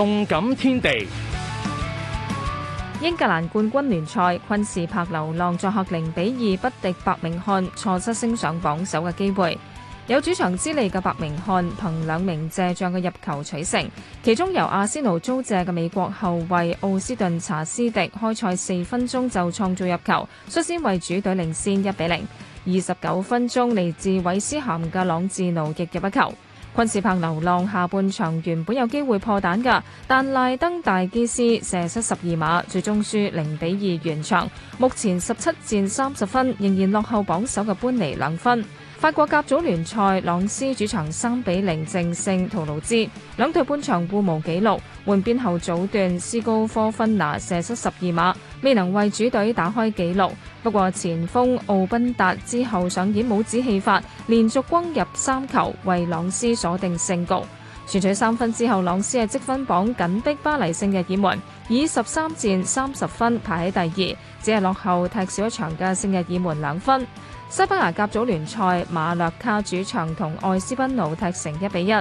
動感天地，英格蘭冠軍聯賽，昆士柏流浪作客零比二不敵伯明翰，錯失升上榜首嘅機會。有主場之利嘅伯明翰，憑兩名借將嘅入球取勝，其中由阿仙奴租借嘅美國後衛奧斯頓查斯迪，開賽四分鐘就創造入球，率先為主隊領先一比零。二十九分鐘，嚟自韋斯咸嘅朗治奴亦入一球。昆士柏流浪下半場原本有機會破蛋㗎，但賴登大基斯射失十二碼，最終輸零比二完場。目前十七戰三十分，仍然落後榜首嘅般尼兩分。法國甲組聯賽，朗斯主場三比零正勝圖盧茲，兩隊半場互無紀錄，換邊後早段斯高科芬拿射失十二碼，未能為主隊打開紀錄。不過前鋒奧賓達之後上演帽子戲法，連續轟入三球，為朗斯鎖定勝局。全取三分之後，朗斯嘅積分榜緊逼巴黎聖日耳門，以十三戰三十分排喺第二，只係落後踢少一場嘅聖日耳門兩分。西班牙甲組聯賽，馬略卡主場同愛斯賓奴踢成一比一，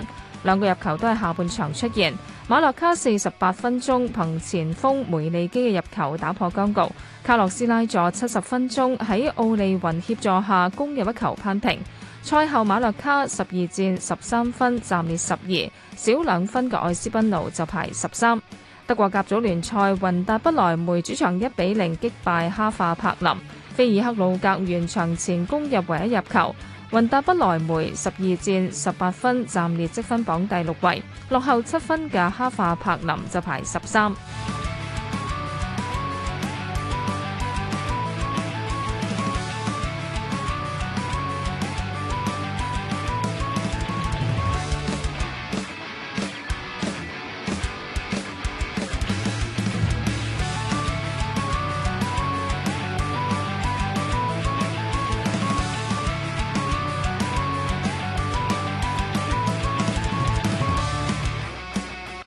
兩個入球都係下半場出現。馬略卡四十八分鐘憑前鋒梅利基嘅入球打破僵局，卡洛斯拉佐七十分鐘喺奧利雲協助下攻入一球扳平。賽後，馬略卡十二戰十三分，暫列十二，少兩分嘅愛斯賓奴就排十三。德國甲組聯賽，雲達不萊梅主場一比零擊敗哈化柏林，菲爾克魯格完場前攻入唯一入球。雲達不萊梅十二戰十八分，暫列積分榜第六位，落後七分嘅哈化柏林就排十三。